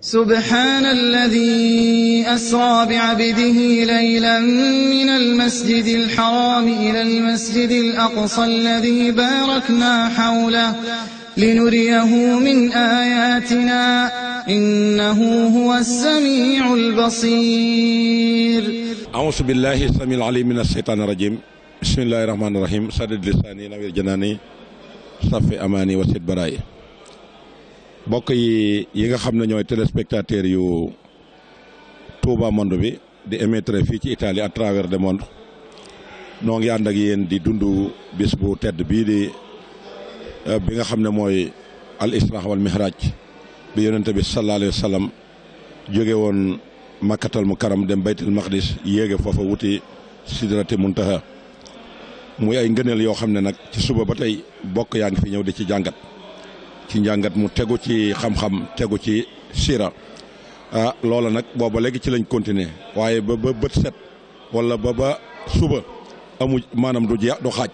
سبحان الذي أسرى بعبده ليلا من المسجد الحرام إلى المسجد الأقصى الذي باركنا حوله لنريه من آياتنا إنه هو السميع البصير أعوذ بالله السميع العليم من الشيطان الرجيم بسم الله الرحمن الرحيم سدد لساني نوير جناني صفي أماني وسد برائي mbokk yi yi nga xam ne ñooy téléspectateurs yu Touba Monde bi di émettre fii ci Italie à travers le monde noo ngi ànd ak yéen di dund bis bu tedd bii di euh, bi nga xam ne mooy al isra wal mihraj bi yonente bi sallallahu alayhi wa jóge woon makkatal mu karam dem baytul maqdis yéege foofa wuti sidrati muntaha muy ay ngëneel yoo xam ne nag ci suba ba tey bokk yaa ngi fi ñëw di ci jàngat ci njàngat mu tegu ci xam-xam tegu ci sira ah loola nag booba léegi ci lañ continuer waaye ba ba bët set wala ba ba suba amu maanaam du jeex du xaaj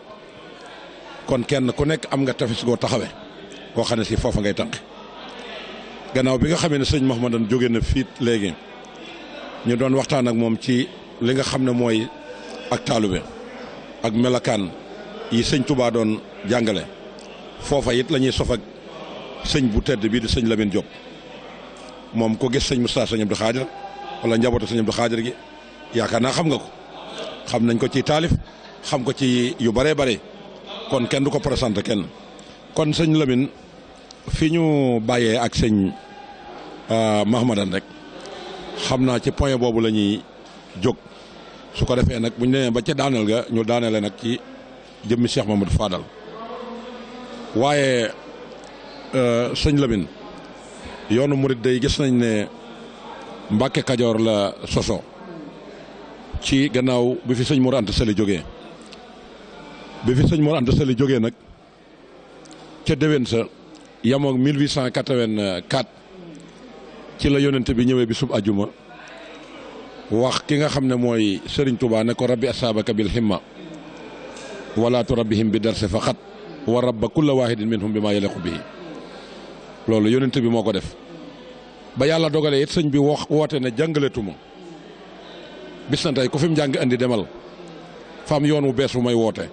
kon kenn ku nekk am nga tafis goo taxawe koo xam ne si foofa ngay tànq gannaaw bi nga xamee ne sëñ Mahamadan jóge na fiit léegi ñu doon waxtaan ak moom ci li nga xam ne mooy ak taalube ak melakaan yi sëñ Touba doon jàngale foofa it la ñuy sëñ bu tedd bii di señ Lamine Diop moom ko gis mu saa sëñ Abdou Khadir wala njabootu sëñ Abdou Khadir gi yaakaar naa xam nga ko xam nañ ko ci taalif xam ko ci yu bare bare kon kenn du ko présenté kenn kon sëñ Lamine fi ñu bàyyee ak sëñ euh, Mahamadan rek xam naa ci point boobu la ñuy jóg su ko defee nag bu ñu ba ca daaneel ga ñu daaneele nag ci jëmmi Cheikh Mamadou Fadal waaye Euh, sëñ Lamine yoonu murit day gis nañ ne Mbàkke Kajoor la soso ci gannaaw bi fi sëñ Mor Anta Sali jógee sëñ Mor Anta Sali jógee nag ca déwén sa yamoog 1884 ci la yonent bi ñëwee bi sub ajuma wax ki nga xam ne mooy Serigne Touba ne ko rabbi asaabaka bil himma wala turabbihim bi darse faqat wa rabba kulla wahidin minhum bi ma yaliqu bihi loolu yonent bi moo ko def ba yàlla dogalee it sëñ bi wax woote ne jàngaletuma bis na tey ku fi mu jàng indi demal fa yoon wu bees bu may woote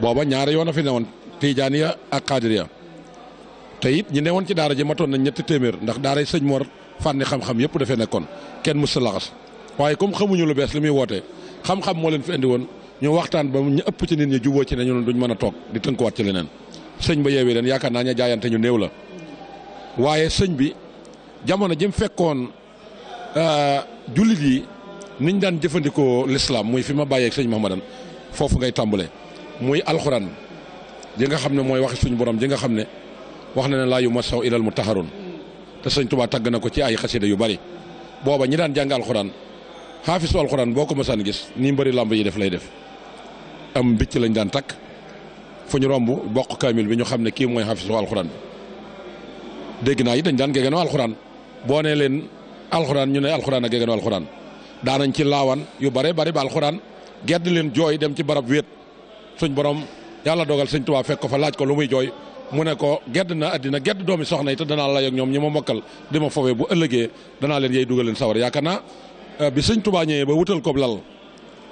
booba ñaari yoon a fi newoon ya ak xaadiriya te it ñi newoon ci daara ji matoon nañ ñetti téeméer ndax daaray sëñ Mor fànni xam-xam yëpp dafee nekkoon kenn mus sa laxas waaye comme xamuñu lu bees li muy woote xam-xam moo leen fi indi woon ñu waxtaan ba ñu ëpp ci nit ñu juboo ci ne ñun duñ mën a toog di tënkuwaat ci leneen. sëñ ba yeewee leen yaakaar naa ña jaayante ñu néew la waaye sëñ bi jamono ji fekkoon euh, jullit yi niñ daan jëfandikoo lislaam muy fi ma bàyyeeg sëñ Mahamadan foofu ngay tàmbale muy alxuraan ji nga xam ne mooy waxi suñu borom ji nga xam ne wax na ne laa yu masaw ilal mu taxaroon te sëñ Tuubaa tàgg na ko ci ay xasida yu bari booba ñi daan jàng alxuraan xaafisu alxuraan boo ko mësaan gis nii mbari làmb yi def lay def am mbicc lañ daan takk fu ñu romb bokk kaamil bi ñu xam ne kii mooy xafisu alxuraan bi dégg naa yi dañ daan gegenoo alxuraan boo ne leen alxuraan ñu ne alxuraan ak gegenoo alxuraan daanañ ci laawan yu bare bari ba alxuraan gedd leen jooy dem ci barab wéet suñ borom yàlla dogal sëñ Tuubaa fekk ko fa laaj ko lu muy jooy mu ne ko gedd na àddina gedd doomi soxna yi te danaa lay ak ñoom ñi ma mokkal di ma fowee bu ëllëgee dana leen yey dugal leen sawar yaakaar naa euh, bi sëñ Tuubaa ba wutal ko lal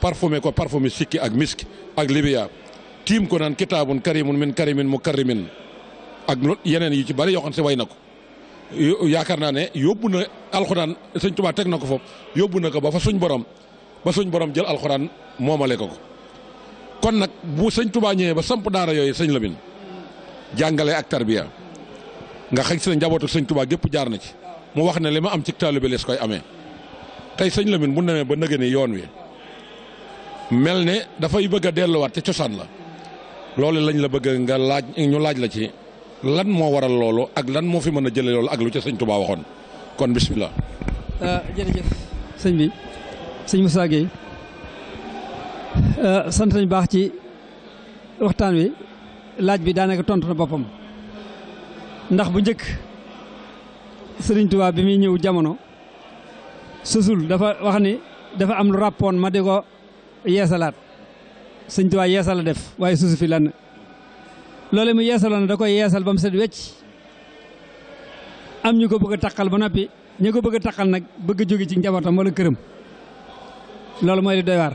parfumé ko parfumé sikki ak misk ak libiya tiim ko naan kitaabun karimun min karimin mu karimin ak yeneen yi ci bari yoo xam ne way na ko yaakaar naa ne yóbbu na alxuraan sëñ Tuubaa teg na ko foofu yóbbu na ko ba fa suñ borom ba suñ borom jël alxuraan moomale ko ko kon nag bu sëñ Tuubaa ñëwee ba samp daara yooyu sëñ Lamin jàngale ak tarbiya nga xëy si ne njabootu sëñ Tuubaa gépp jaar na ci mu wax ne li ma am ci taalibe lees koy amee tey sëñ Lamin bu demee ba nëgë yoon wi mel ne dafay bëgg a delluwaat ca cosaan la. loolu lañu la bëgg nga laaj ñu laaj la ci lan moo waral loolu ak lan moo fi mën a jële loolu ak lu ca sëñ Touba waxoon kon bisimilah. Euh, sëñ bi sëñ Moussa Gueye euh, sant nañ baax ci waxtaan wi laaj bi daanaka tontu na boppam ndax bu njëkk sëriñ tubaa bi muy ñëw jamono sësul dafa wax ni dafa am lu ràppoon ma di ko yeesalaat. sëñ Tuubaa yeesal la def waaye suusu fi lan loole mu yeesaloon da koy yeesal ba mu set wecc am ñu ko bëgg a taqal ba noppi ñu ko bëgg a taqal nag bëgg a jóge ci njabootam wala këram loolu mooy li doy waar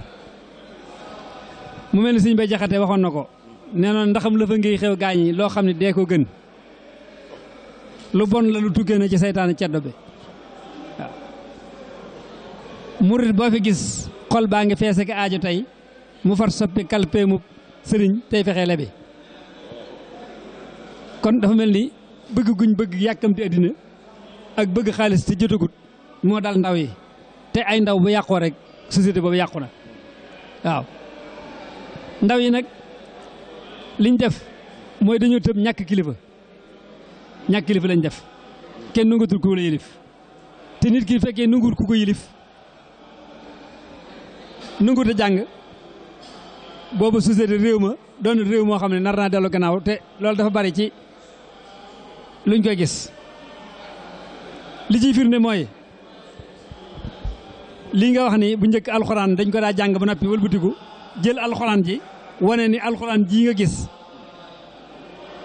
mu mel ni sëñ ba jaxate waxoon na ko nee noon ndaxam la fa ngiy xew gaañ yi loo xam ne dee ko gën lu bon la lu tukkee na ci seytaane ceddo bi waaw boo fi gis xol baa ngi feese ki aajo tey mu far soppi kalpe mu sëriñ tey fexe lebi kon dafa mel ni bëgg guñ bëgg yàkkamti àddina ak bëgg xaalis te jotagut moo dal ndaw yi te ay ndaw bu yàqoo rek société boobu yàqu na waaw ndaw yi nag liñ def mooy dañoo tëb ñàkk kilifa ñàkk kilifa lañ def kenn nangatul ku la te nit ki fekkee nanguwul ku ko yëlif nanguwul jàng boobu société réew ma doon réew moo xam ne nar naa dellu gannaaw te loolu dafa bari ci luñ koy gis li ciy firnde mooy lii nga wax ni bu njëkk alxuraan dañ ko daa jàng ba noppi wëlbatiku jël alxuraan ji wane ni alxuraan ji nga gis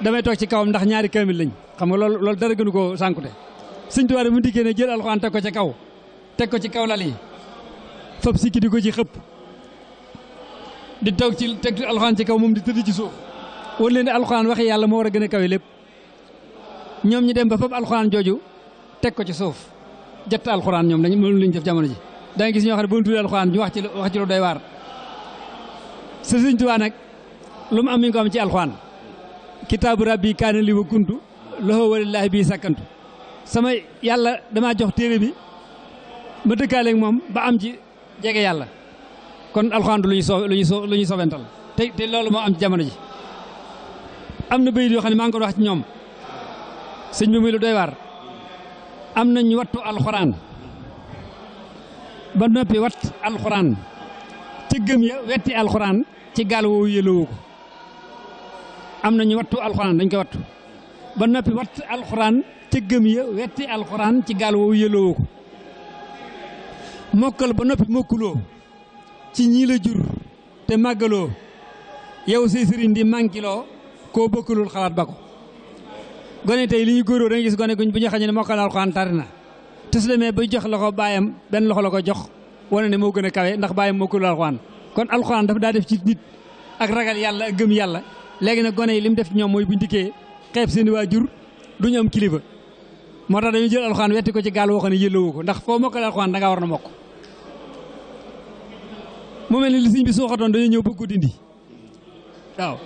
damay toog ci kawam ndax ñaari kaamil lañ xam nga loolu loolu dara gënu koo sànkute sëñ Tuubaa mu dikkee ne jël alxuraan teg ko ci kaw teg ko ci kaw lal yi fab sikki di ko ci xëpp di taw ci teg alxuraan ci kaw moom di tëdd ci suuf war leen di alxuraan waxi yàlla moo war a gën kaw kawe lépp ñoom ñu dem ba fab alxuraan jooju teg ko ci suuf jatt alxuraan ñoom dañu loolu lañu def jamono ji da gis ñoo xam ne bu ñu tuddee alxuraan ñu wax ci wax ci lu doy waar Sëriñ Tuubaa nag lu mu am mi ngi am ci alxuraan kitaabu rabbi kaana li wa kuntu loxo walilaahi bii sàkkantu sama yàlla damaa jox téere bi ma dëkkaaleeg moom ba am ci jege yàlla kon alxuraan du lu ñu so lu ñu so lu ñu te loolu moo am jamono ji am na bayit yoo xam ne maa ngi ko wax ci ñoom sëñ bi muy lu doy waar am nañ wattu alxuraan ba noppi wat alxuraan ci gëm ya wetti alxuraan ci gaal woowu yëloowu ko am nañu wattu alxuraan dañ koy wattu ba noppi wat alxuraan ci gëm ya wetti alxuraan ci gaal woowu yëloowu ko mokkal ba noppi mokkuloo ci ñii la jur te màggaloo yow say sëriñ di mànkiloo koo bokkulul xalaat ba ko gone tey li ñu góoroo da nga gis gone guñ bu ñu xañee ne mokkal alxuraan tari na te su demee ba jox la baayam benn loxo la ko jox wane ne moo gën a kawe ndax baayam mokkulul alxuraan kon alxuraan dafa daa def ci nit ak ragal yàlla ak gëm yàlla léegi nag gone yi li mu def ci ñoom mooy buñ dikkee xeeb seen i waajur duñu am kilifa moo tax dañu jël alxuraan wetti ko ci woo xam ko ndax foo mokkal alxuraan da war na mokk mu mel ni li sëñ bi sooxatoon dañoo ñëw bëgg ko dindi waaw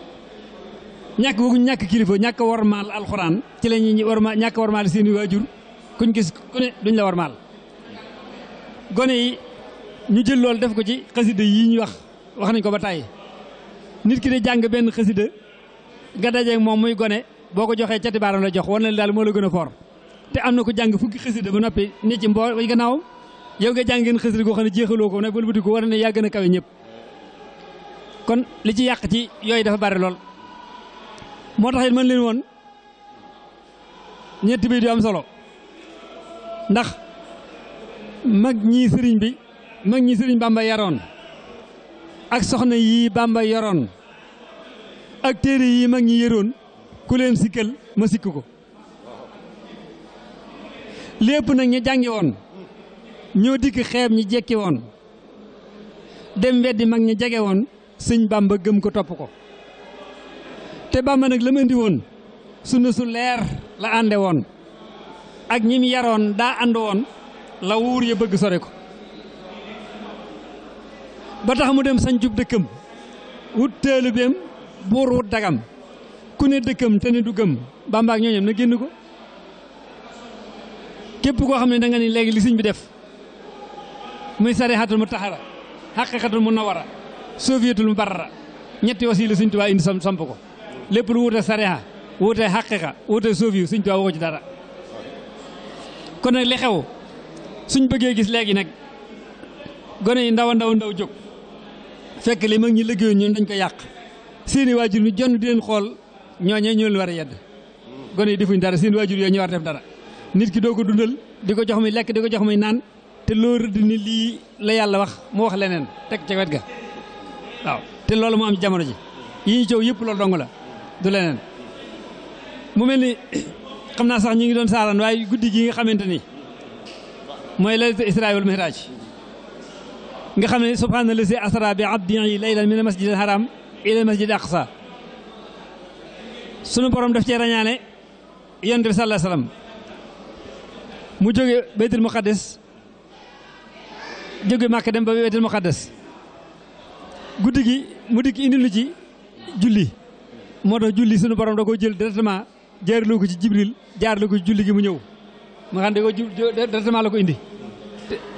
ñàkk boobu ñàkk kilifa ñàkk warmaal alxuraan ci la ñuy warmaal ñàkk warmaal seeni waajur kuñ gis ku ne duñ la warmaal gone yi ñu jël loolu def ko ci xasida yi ñu wax wax nañ ko ba tàyyi nit ki de jàng benn xasida nga dajeeg moom muy gone boo ko joxee cati baaram la jox war na daal moo la gën a foor te am na ko jàng fukki xasida ba noppi nit ci mboor gannaaw yow nga jàng ngeen xasida goo xam ne jeexaloo ko nag wëlbati ko war ne yaa na a kawe ñëpp kon li ci yàq ci yooyu dafa bari lool moo tax it mën leen woon ñetti bi du am solo ndax mag ñii sëriñ bi mag ñi sëriñ Bamba yaroon ak soxna yii Bamba yaroon ak téere yii mag ñi yëroon ku leen sikkal ma sikk ko lépp nag ñi jàngi woon ñoo dikk xeeb ñi jekki woon dem weddi mag ñi jege woon sëñ Bàmba gëm ko topp ko te Bàmba nag la woon sunu su leer la ànde woon ak ñi yaroon daa ànd woon la wuur ya bëgg sore ko ba tax mu dem sañ jub dëkkam wut teelubeem buur wut dagam ku ne dëkkam te ne du gëm Bàmba ak ñooñam na génn ko képp koo xam ne da nga ni léegi li sëñ bi def muy sarixatul mu tax taxara xaqiqatul mu nawara soviétul mu barara ñetti wasiila Sëñ Tuubaa indi sam samp ko lépp lu wuute sarixa wuute xaqiqa wuute sovié Sëñ Tuubaa woo ci dara kon nag li xew suñ bëggee gis léegi nag gone yi ndaw ndaw ndaw jóg fekk li mag ñi liggéeyoon ñoom dañ ko yàq seeni waajur ñu jonn di leen xool ñooñee ñoo leen war a yedd gone yi defuñ dara seeni waajur yooyu ñu war def dara nit ki doo ko dundal di ko jox muy lekk di jox muy naan te loo rëdd ni lii la yàlla wax mu wax leneen teg ca wet ga waaw te loolu mu am jamono ji yi ñu coow yëpp loolu dong la du leneen mu mel ni xam naa sax ñu ngi doon saaraan waaye guddi gi nga xamante ni mooy laylatu israa wal mi'raaj nga xam ne subhaana lazi asra bi abdihi laylan min al masjid al haram ila al masjid al aqsa sunu borom daf cee rañaane yonent bi sallallahu alayhi mu jóge baytul muqaddas jóge Màkka dem ba Baytul Muqaddas guddi gi mu dikk indil lu ci julli moo tax julli sunu borom da koo jël directement jaarloo ko ci Jibril jaarloo ko ci julli gi mu ñëw ma xam ne da koo directement la ko indi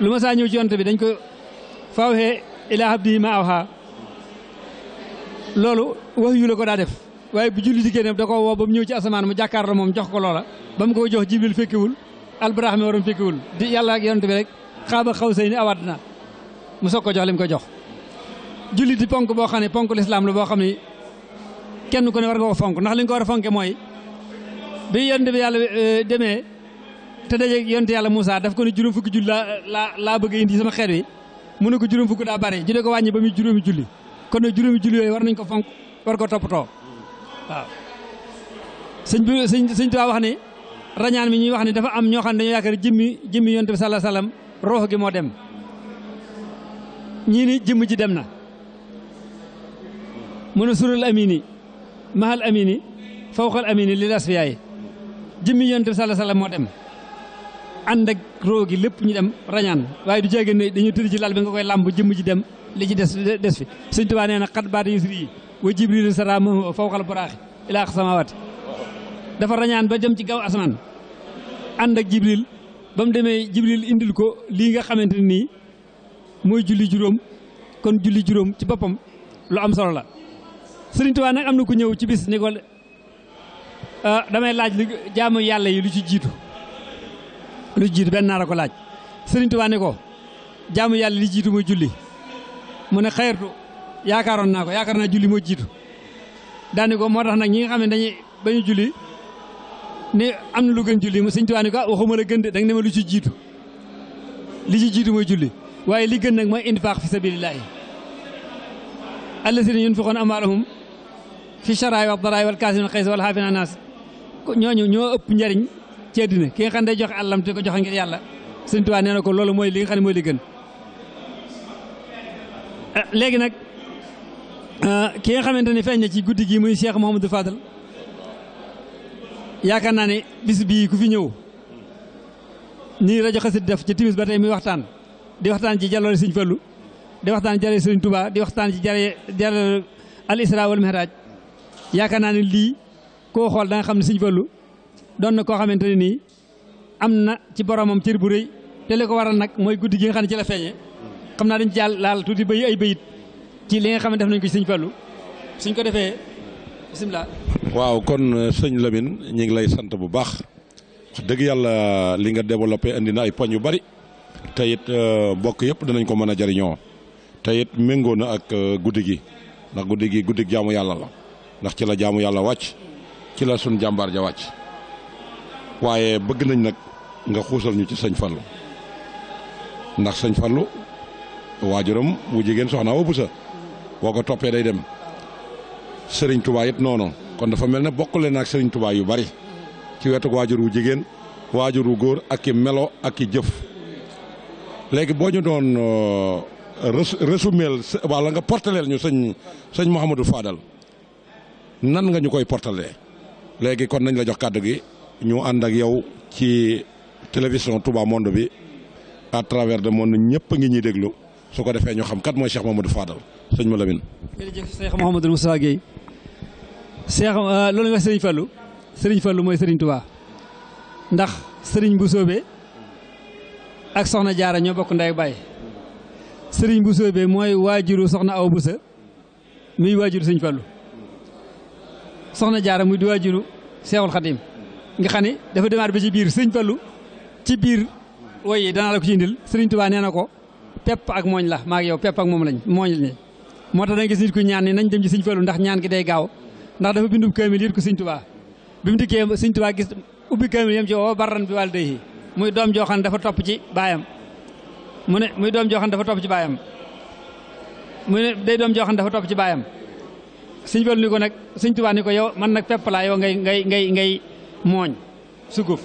lu ma saa ñëw ci yonte bi dañ ko fawxee ilaa abdihi ma awxaa loolu wax yu ko daa def waaye bu julli dikkee ne da koo woo ba mu ñëw ci asamaan mu jàkkaarloo moom jox ko loola ba mu ko jox Jibril fekkewul albrahama waroon fekkewul di yàlla ak xaaba xawsayni aw adnaa mu soog ko jox li mu ko jox julli di ponk boo xam ne ponk lislaam la boo xam ne kenn ku ne war nga ko fonk ndax li nga ko war a fonke mooy bi yonent bi yàlla eh, demee te daje yonent yàlla Moussa daf ko ne juróom fukki julli laa laa laa bëgg indi sama xeet wi mu ne ko juróom fukki daa bari ju ne ko wàññi ba muy juróomi julli kon nag juróomi julli yooyu war nañ ko fonk war ko toppatoo waaw sëñ bi sëñ sëñ Tuubaa wax ne rañaan mi ñuy wax ne dafa am ñoo xam ne dañoo ruux gi moo dem ñii ni jëmm ji dem na mën a surul amini mahal amini fawqal amini li las fi yaay jëmmi yonent bi sala sala moo dem ànd ak roo gi lépp ñu dem rañaan waaye du jege ne dañu tëdd ci lal bi nga koy làmb jëmm ji dem li ci des des fi Sëñ Tuubaa nee na xat baata yusri yi wa jibrilu sara ma fawqal buraaxi ilaa samaawaati dafa rañaan ba jëm ci gaw asamaan ànd ak ba mu demee jibril indil ko lii nga xamante ne nii mooy julli juróom kon julli juróom ci boppam lu am solo la sëriñ Tuubaa nag am na ku ñëw ci bis ni ko ah, damay laaj lu jaamu yàlla yi lu ci jiitu lu jiitu benn la ko laaj sëriñ Tuubaa ne ko jaamu yàlla li jiitu mooy julli mu ne xayartu yaakaaroon naa ko yaakaar naa julli mooy jiitu daani ko moo tax nag ñi nga xam ne dañuy bañu julli ni am na lu gën julli sëñ Tuubaa ni ko ah, waxuma la gën de danga ne ma lu ci jiitu li ci jiitu mooy julli waaye li gën nag mooy infaq fi sabilillahi allazina yunfiquna amwaalahum fi saraay wa daraay wal kaasimiina xaysa wal xaafina ñooñu ñoo ëpp njariñ ci àddina ki nga xam ne joxe àllam te ko joxe ngir yàlla sëñ Tuubaa nee na ko loolu mooy li nga xam ne mooy li gën ah, léegi nag ah, ki nga xamante ni feeñ na ci guddi gi muy seex Mouhamadou Fadal yaakaar naa ne bis bii ku fi ñëw nii rajo xasit def ci timis ba tey mi waxtaan di waxtaan ci jaloore Sëriñ Fallu di waxtaan jare Sëriñ tubaa di waxtaan ci jare jare al isra wal mihraj yaakaar naa ne lii koo xool da xam ne Sëriñ Fallu doon na koo xamante ne nii am na ci boromam cér bu rëy te li ko waral nag mooy guddi gi nga xam ne ci la feeñe xam naa dañ ci jàll laal tuuti bay ay bayit ci li nga xam ne def nañ ko ci Fallu suñ ko defee bisimilah waaw kon euh, sëñ Lamine ñu ngi lay sant bu baax dëgg yàlla li nga développé indi na ay poñ yu bari te it euh, bokk yëpp danañ ko mën a jariñoo te it méngoo na ak euh, guddi gi ndax guddi gi guddi jaamu yàlla la ndax ci la jaamu yàlla wàcc ci la suñ jàmbaar ja wàcc waaye bëgg nañ nag nga xuusal ñu ci sëñ Fallou ndax sëñ Fallou waajuram bu jigéen soxna wa bu boo ko toppee day dem sëriñ Touba it noonu. kon dafa mel ne bokkule leen ak Serigne tubaa yu bari ci wetu waajur wu jigéen waajur wu góor ak i melo ak i jëf léegi boo ñu doon euh, résumeel walla nga portaleel ñu sëñ sëñ Mouhamadou Fadal nan nga ñu koy portalee léegi kon nañ la jox kàddu gi ñu ànd ak yow ci télévision Touba Monde bi à de le monde ñëpp ngi ñuy déglu su ko defee ñu xam kat mooy Cheikh Mouhamadou Fadal sëñ Malamine. jërëjëf Cheikh Mouhamadou Moussa Cheikh euh, loolu nga wax Serigne Fallou Serigne mooy Serigne Touba ndax sëriñ bu soobee ak Soxna Jaara ñoo bokk ndey baay sëriñ bu soobee mooy waajuru Soxna Awa Busa muy waajuru Serigne Fallou Soxna Jaara muy di waajuru Seexul Xadim nga xam ne dafa demaat bi ci biir Serigne Fallou ci biir woy danaa la ko ci indil Serigne Touba nee na ko pepp ak mooñ la maa yow pepp ak moom lañ mooñ lañ moo tax da nga gis nit ñaan ni nañ dem ci Serigne Fallou ndax ñaan gi day gaaw. ndax dafa bindu kaamil yit ko sëñ tubaa bi mu dikkee sëñ tubaa gis ubbi kaamil yam ci woo barran bi wàll day muy doom joo xam ne dafa topp ci baayam mu ne muy doom joo xam dafa topp ci baayam mu ne day joo xam ne dafa topp ci baayam sëñ Fallu ni ko nag sëñ tubaa ni ko yow man nag pepp laa yow ngay ngay ngay ngay mooñ sunguf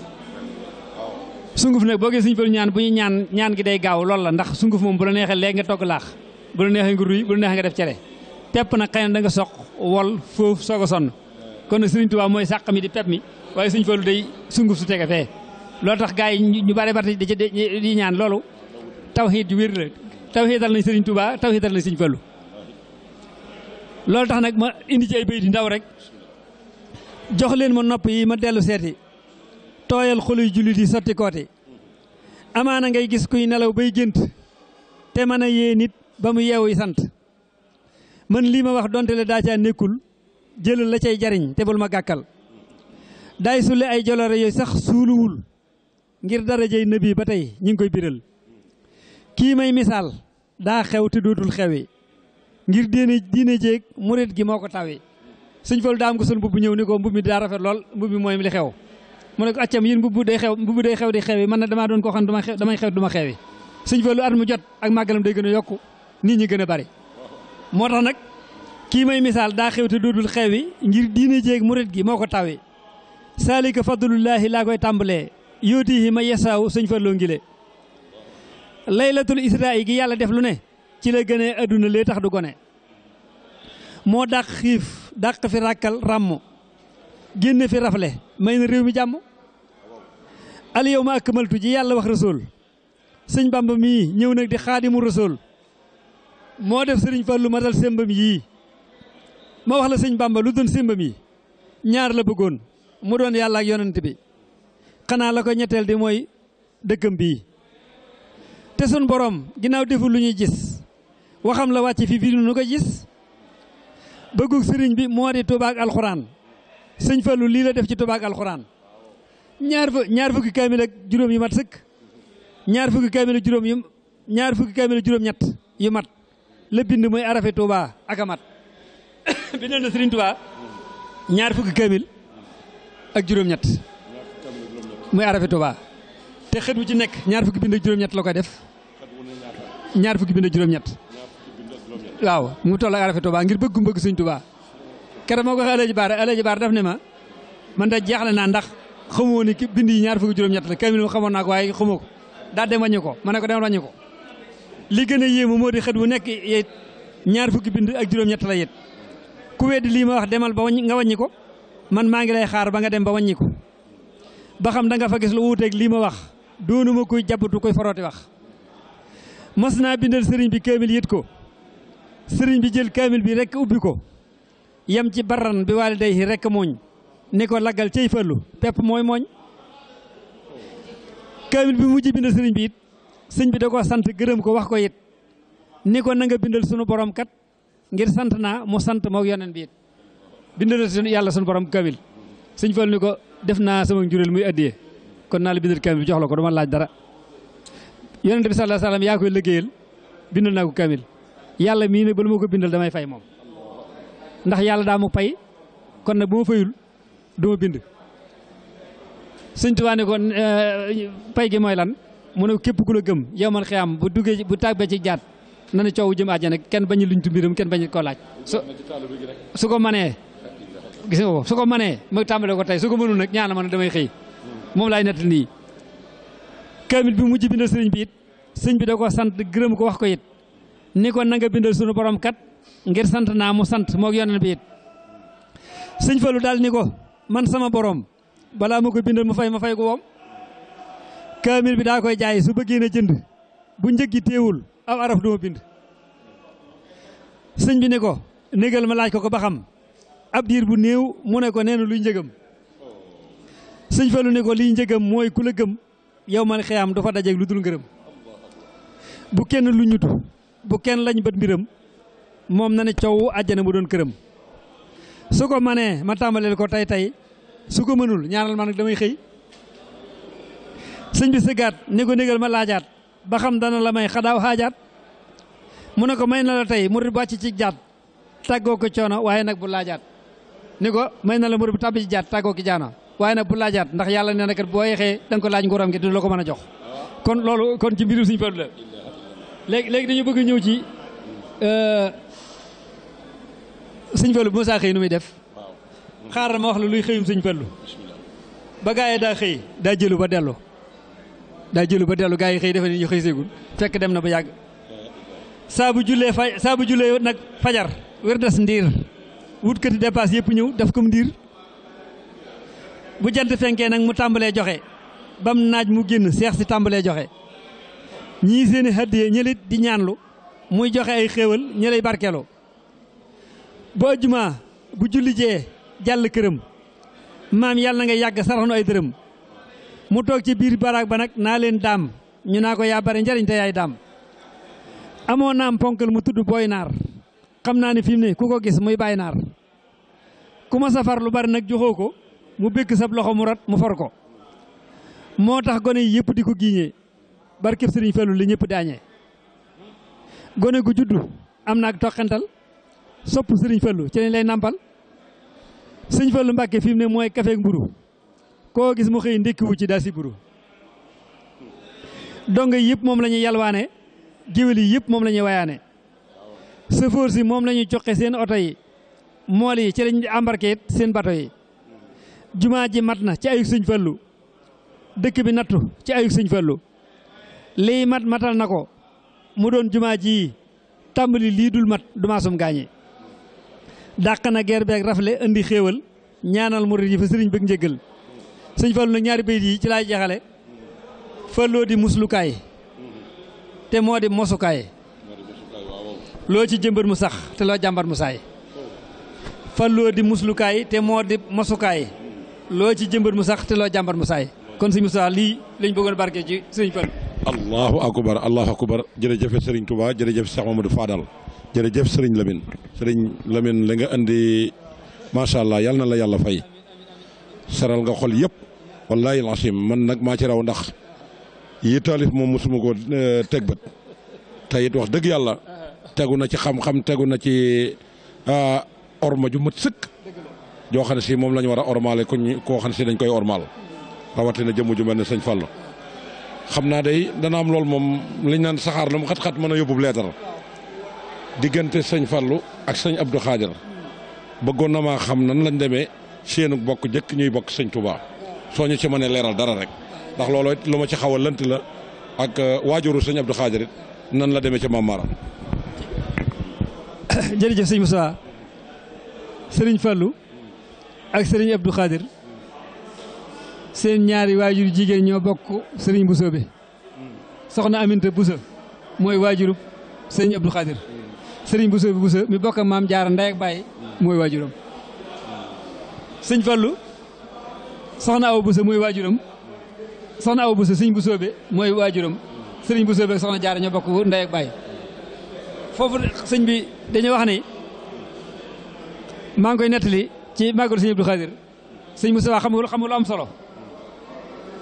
sunguf nag boo gee sëñ Fallu ñaan bu ñu ñaan ñaan gi day gaaw loolu la ndax sunguf moom bu la neexee léegi nga togg laax bu la neexee nga ruy bu la neexee nga def cere pepp na da nga soq wol foofu soog a sonn kon nag Sëriñ Tuubaa mooy sàq mi di pepp mi waaye Sëriñ Fallu day sunguf su tege fee loolu tax gaa yi ñu bare bare da ci di ñaan loolu tawxiid wér la tawxiidal nañ Sëriñ Tuubaa tawxiidal nañ Sëriñ Fallu loolu tax nag ma indi ci ay béy di ndaw rek jox leen ma nopp yi ma dellu seeti tooyal xoluy jullit yi sotti kooti amaana ngay gis kuy nelaw bay gént te mën a yee nit ba mu yeewu sant man lii ma wax donte le daa caa nekkul jëlal la cay jariñ te bul ma gàkkal daay sulle ay joloore yooyu sax suuluwul ngir dara darajey nabi ba tey ñi ngi koy biral kii may misaal daa xew te dootul xewi ngir diine diine jéeg murit gi moo ko tawi suñ fal daam ko sun mbubb ñëw ni ko mbubb mi daa rafet lool mbubb mi mooy li xew mu ne ko accam yéen mbubb day xew mbubb day xew di xew xewi mën na dama doon ko xam damay xew duma xewi suñ fal lu mu jot ak màggalam day gën a yokku nit ñi gën a bari moo tax nag kii may misaal daa xew te dootul xewi ngir diine jéeg murit gi moo ko tawi saalika fadlullaahi laa koy tàmbalee yootihi ma yesaaw sëñ Fallou ngile laylatul israa gi yàlla def lu ne ci la gënee adduna lee tax du gone moo dàq xiif dàq fi ràkkal ràmm génn fi rafle may na réew mi jàmm al yawma akmaltu ji yàlla wax rasul sëñ Bamba mii ñëw nag di xaadimu rasul moo def sëriñ Fallu matal sembam yii ma wax la sëñ bàmba lu doon sembam yi ñaar la bëggoon mu doon yàlla ak yonent bi xanaa la ko ñetteel di mooy dëkkam bii te sun borom ginnaaw deful lu ñuy gis waxam la wàcc fi fii nu ko gis bëggug sëriñ bi moo di tubaak alxuraan sëñ Fallu lii la def ci tubaak alxuraan ñaar fa ñaar fukki kaamil juróom yu mat sëkk ñaar fukki kaamil juróom yu ñaar fukki kaamil juróom ñett yu mat la bind mooy arafe Touba ak amat bindal na Serigne Touba ñaar fukki kaamil ak juróom-ñett mooy arafe Touba te xët wu ci nekk ñaar fukki bind ak juróom-ñett la koy def ñaar fukki bind ak juróom-ñett waaw mu toll ak arafe Touba ngir bëggum bëgg Serigne Touba keroog moo ko waxee Alaaji Baar Alaaji Baar daf ne ma man da jeexle naa ndax xamoo ni bind yi ñaar fukki juróom-ñett la kaamil moom xamoon naa ko waaye xamoo ko daal dem wàññi ko ma ne ko demal wàññi ko. li gën a yéemu moo di xët wu nekk yit ñaar fukki bind ak juróom-ñett la yit ku weddi lii ma wax demal ba nga wàññi ko man maa ngi lay xaar ba nga dem ba wàññi ko ba xam da fa gis lu wuuteeg lii ma wax doonuma koy jabatu koy forooti wax mas naa bindal sëriñ bi kaamil yit ko sëriñ bi jël kaamil bi rekk ubbi ko yam ci baran bi waali day rekk mooñ ni ko laggal cey fàllu pepp mooy mooñ kaamil bi mujj bindal sëriñ bi it sëñ bi da koo sant gërëm ko wax ko it ni ko nanga nga bindal sunu borom kat ngir sant naa mu sant moog yonen bi it bindal yàlla sunu borom kamil sëñ Fall ni ko def naa sama njureel muy addiyee kon naa la bindal kamil bi jox la ko dama laaj dara yonent bi sallallahu alayhi wasallam yaa koy liggéeyal bindal naa ko kamil yàlla mii nag ba lu ma ko bindal damay fay moom ndax yàlla daa mu pay kon nag bu ma fayul du ma bind sëñ Tuubaa ne ko pay eh, gi mooy lan mu ne képp ku la gëm yowmal xiyaam bu duggee bu tàbbee ci jaat na ne coow jëm àjjana kenn bañu luñ tu mbiram kenn bañu ko laaj su ko manee gis nga su ko manee ma tàmbalee ko tey su ko mënul nag ñaan ma ne damay xëy moom laay nettal nii kaamil bi mujj bindal sëriñ bi it sëñ bi da ko sant gërëm ko wax ko yit ni ko nanga bindal sunu borom kat ngir sant naa mu sant moo yoneen bi it sëñ Fallou daal ni ko man sama borom balaa ma ko bindal ma fay ma fay ko kaamil bi daa koy jaay su bëggee na jënd bu njëggi téewul aw araf du ma bind sëñ bi ne ko négal ma laaj ko ko ba xam ab diir bu néew mu ne ko nee luy njëgam sëñ Fallu ne ko liy njëgam mooy ku la gëm yow man xiyaam dafa dajeeg lu dul ngërëm bu kenn lu ñutu bu kenn lañ bët mbiram moom na ne coow àjjana mu doon këram su ko manee ma tàmbaleel ko tey tey su ko mënul ñaanal ma nag damay xëy sëñ bi gaat ni ko ndigal ma laajaat ba xam dana la may xadaaw xaajaat mu ne ko may na la tey murit bu wàcc ci jaat tàggoo ko coono waaye nag bu laajaat ni ko may na la murit bu tàbbi ci jaat tàggoo ki jaana waaye nag bu laajaat ndax yàlla nee na kat boo yeexee da nga ko laaj nguuram gi du la ko mën a jox kon loolu kon ci mbirum suñu fadu la léegi léegi dañu bëgg ñëw ci euh, sëñ Fallu bu ma xëy nu muy def xaaral ma wax la luy xëyum sëñ Fallu ba gaayee daa xëy daa jëlu ba dellu daa jëlu ba dellu gaay yi xëy defe ni ñu xëy seegul fekk dem na ba yàgg saa bu jullee fa saa bu jullee nag fajar wér des ndiir wut kati dépasse yëpp ñëw def ko mu ndiir bu jant fenkee nag mu tàmbalee joxe bam naaj mu génn seex si tàmbalee joxe ñii seeni haddiyee ñëlit di ñaanlu muy joxe ay xéewal ñëlay barkeeloo bu ajjumaa bu julli jee jàll këram maam yàlla na nga yàgg saraxnu ay dërëm mu toog ci biir baraag ba nag naa leen daam ñu naa ko yaa bare njariñ te yaay daam amoon naam ponkal mu tudd booy naar xam naa ne fi mu ne ku ko gis muy bàyyi naar ku ma safar lu bari nag joxoo ko mu békk sab loxo mu rat mu for ko moo tax gone yi yëpp di ko giiñee barkeb sëriñ Fallu li ñépp daañee gone ku juddu am na ak toqantal sopp sëriñ Fallu ci lañ lay nampal sëriñ Fallu Mbàkke fi mu ne mooy kafeeg mburu koo gis mu xëy ndékkiwu ci daa siburu dong yëpp moom lañuy ñuy yalwaane géwél yi yëpp moom lañuy ñuy wayaane sëfoor si moom lañuy ñuy joxe seen oto yi mool yi ci lañ embarqué seen bato yi jumaa ji mat na ci ayug sëñ fallu dëkk bi nattu ci ayug sëñ fallu lii mat matal na ko mu doon jumaa ji tàmbali lii dul mat du maasum gaañe dàq na ger beeg rafle indi xéewal ñaanal murid yi fa sëriñ bëgg njëgal sëñ Fallu nag ñaari bayit yi ci laay jeexale falloo di muslukaay te moo di mosukaay loo ci jëmbat mu sax te loo jàmbat mu saay falloo di muslukaay te moo di mosukaay loo ci jëmbët mu sax te loo jàmbat mu saay kon sëñ Moussa lii lañ bëggoon barke ci sëñ Fallu allahu akbar allahu akbar jërëjëfe sëriñ tubaa Touba jërëjëf Cheikh Mamadou Fadal jërëjëf sëriñ lamin sëriñ Lamine la nga indi macha allah yal na la yàlla fay saral nga xol yëpp wallaahi lasim man nag maa ci raw ndax yi taalif moom mosuma ko euh, teg bët te it wax dëgg yàlla tegu na ci xam-xam tegu na ci euh, orma ju mat sëkk joo xam si moom lañu ñu war a ormaale ku koo xam ne si dañ koy ormaal rawatina jëmm ju mel ne sëñ Fallou xam naa day dana am loolu moom liñ naan saxaar lu mu xat-xat mën a yóbbu leetar diggante sëñ Fallou ak sëñ Abdou Khadir bëggoon na maa xam nan lañ demee seenu bokk jëkk ñuy bokk sëñ Touba. soo ñu ci mënee leeral dara rek ndax loolu lu ma ci xaw a lënt la ak uh, waajuru sëñ Abdou Khadir nan la demee ci Maam Maaram. jërëjëf sëñ ak sëriñ Abdou Khadir seen ñaari waajur jigéen ñoo bokk sëriñ Bousso bi soxna Aminta Bousso mooy waajurub sëriñ Abdou Khadir sëriñ Bousso bi Bousso mi bokk maam Jaara ndey ak baay mooy waajuram sëñ Fallou soxna bu Bousso mooy waajuram soxna Awa Bousso sëñ bu soobe mooy waajuram sëriñ bu soobe ak soxna jaara ñoo bokk ndey ak baay foofu sëñ bi dañuy wax ni maa ngi koy nettali ci màggalu sëñ Abdou Khadir sëñ Moussa xamul xamul am solo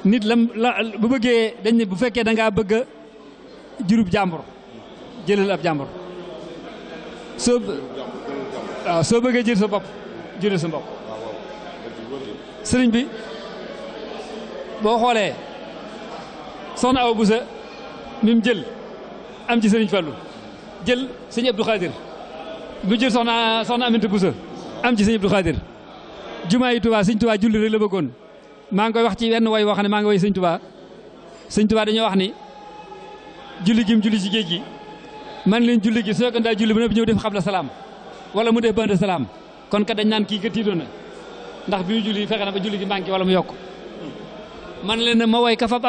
nit lam la bu bëggee dañ ne bu fekkee da ngaa bëgg a jurub jàmbur jëlal ab jàmbur soo soo bëggee jël sa bopp jëlal sa bopp sëriñ bi boo xoolee soxna Awa Boussa mi mu jël am ci sëriñ Fallou jël sëñ Abdou Khadir mu jël soxna soxna Aminata Boussa am ci sëñ Abdou Khadir jumaa yi Tuubaa sëñ Tuubaa julli rek la maa ngi koy wax ci wenn way woo xam ne maa ngi way sëñ Tuubaa sëñ Tuubaa dañoo wax ni julli gi mu julli ci géej gi man leen julli gi su fekkoon daa julli ba noppi ñëw def xabla salaam wala mu def banda salaam kon kat dañ naan kii kat tiitoon ndax bi julli fexe na ba julli gi manqué wala mu yokk man leen ma woy ka fab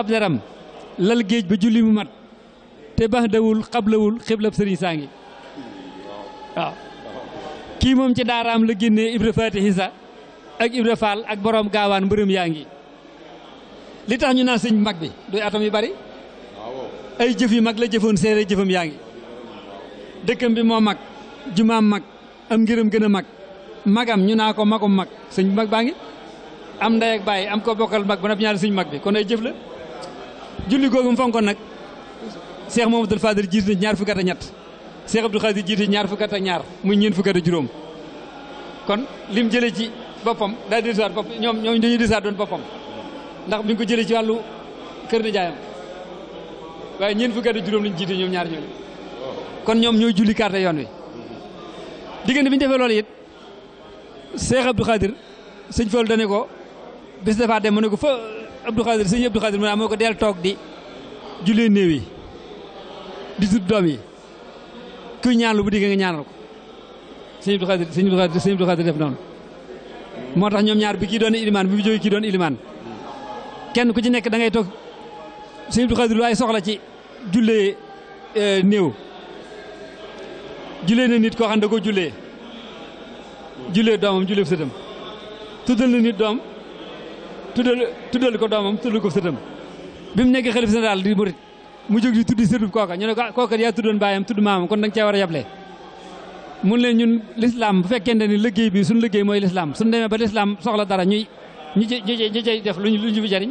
lal géej bi julli mu mat te bax xablawul xiblab sëriñ saa ngi waaw kii moom ci daaraam la génnee Ibra Faati sa ak Ibra Faal ak borom gaawaan mbërëm yaa ngi li tax ñu naan sëñ mag bi doy atom yu bari ay jëf yu mag la jëfoon seere jëfam yaa ngi dëkkam bi moo mag jumaam mag am ngërëm gën a mag magam ñu naa ko magum mag sëñ mag baa ngi am ndey ak bàyyi am ko bokkal mag ba noppi ñaari sëñ mag bi kon ay jëf la julli googu mu fonkoon nag Cheikh Mamadou Fadil jiite na ñaar fukkat ak ñett Cheikh Abdou Khadir jiite ñaar fukkat ak ñaar muy ñeen fukkat ak juróom kon lim jëlee ci boppam daal di disaat bopp ñoom ñoom dañuy disaat doon boppam ndax mi ngi ko jëlee ci wàllu kër na jaayam waaye ñeen fukkat ak juróom lañ jiite ñoom ñaar ñooñu kon ñoom ñooy julli yoon wi Cheikh Abdou Khadir sëñ Fallu dane ko bis dafa dem mu ne ko fa Abdou Khadir sëñ Abdou Khadir mu ne ah, moo ko del toog di jullee néew yi di tudd doom yi kuy ñaan lu bu digg nga ñaanal ko sëñ Abdou Khadir sëñ Abdou Khadir def noonu moo tax ñoom ñaar bi kii doon ilimaan bi mu jógee kii doon ilimaan kenn ku ci nekk dangay toog sëñ Abdou Khadir lu ay soxla ci jullee eh, néew jullee na nit koo xam da jullee jullee doomam jullee sëtam tuddal na nit doom tuddal tuddal ko doomam tuddal ko sëtam bi mu nekk xalif général di murit mu jóg di tuddi sëtub kooka ñu ne ko kooka yaa tuddoon baayam tudd maamam kon da nga yable mun leen ñun lislaam bu fekkente ni liggéey bi suñu liggéey mooy lislaam suñu demee ba lislaam soxla dara ñuy ñu ci ñu cay def luñ luñ fi jariñ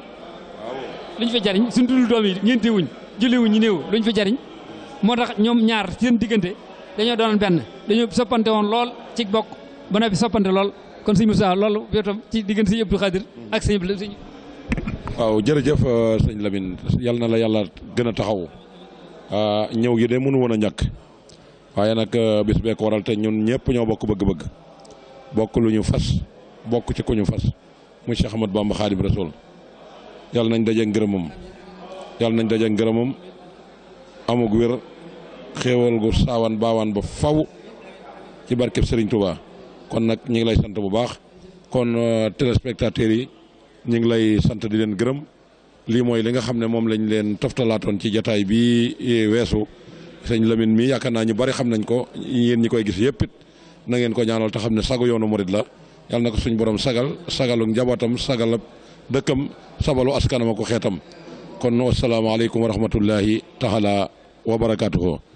luñ fi jariñ suñ tuddul doom yi ñeenti wuñ julli wuñ ñu néew luñ fi jariñ moo tax ñoom ñaar seen diggante dañoo doonoon benn dañoo soppante woon lool ci bokk ba noppi soppante lool kon sëñ Moussa loolu yow tam ci diggante sëñ Abdou Khadir ak waaw jërëjëf euh, sëñ Lamine yal na la yàlla gën a taxaw euh, ñëw gi de mënu woon a ñàkk waaye nag euh, bis bee ko waral te ñun ñëpp ñoo bokk bëgg-bëgg bokk ñu fas bokk ci ku ñu fas mu Cheikh Ahmad Bamba Xaadim Rasul yàlla nañ daje ngërëmam yàlla nañ daje ngërëmam amug wér xéewal gu saawan baawaan ba faw ci barkeb Sëriñ Tuubaa kon nag ñu ngi lay sant bu baax kon euh, téléspectateurs yi ñu ngi lay sant di leen gërëm lii mooy li nga xam ne moom lañ leen toftalaatoon ci jataay bii e, weesu sëñ Lamine mi yaakaar naa ñu bari xam nañ ko yéen ñi koy gis yëpp it na ngeen ko ñaanal te xam ne sagu yoonu murit la yàlla na ko suñ boroom sagal sagalu njabootam sagalab dëkkam sabalu askanama ko xeetam kon asalaamaaleykum wa rahmatullahi taala wa barakaatuhu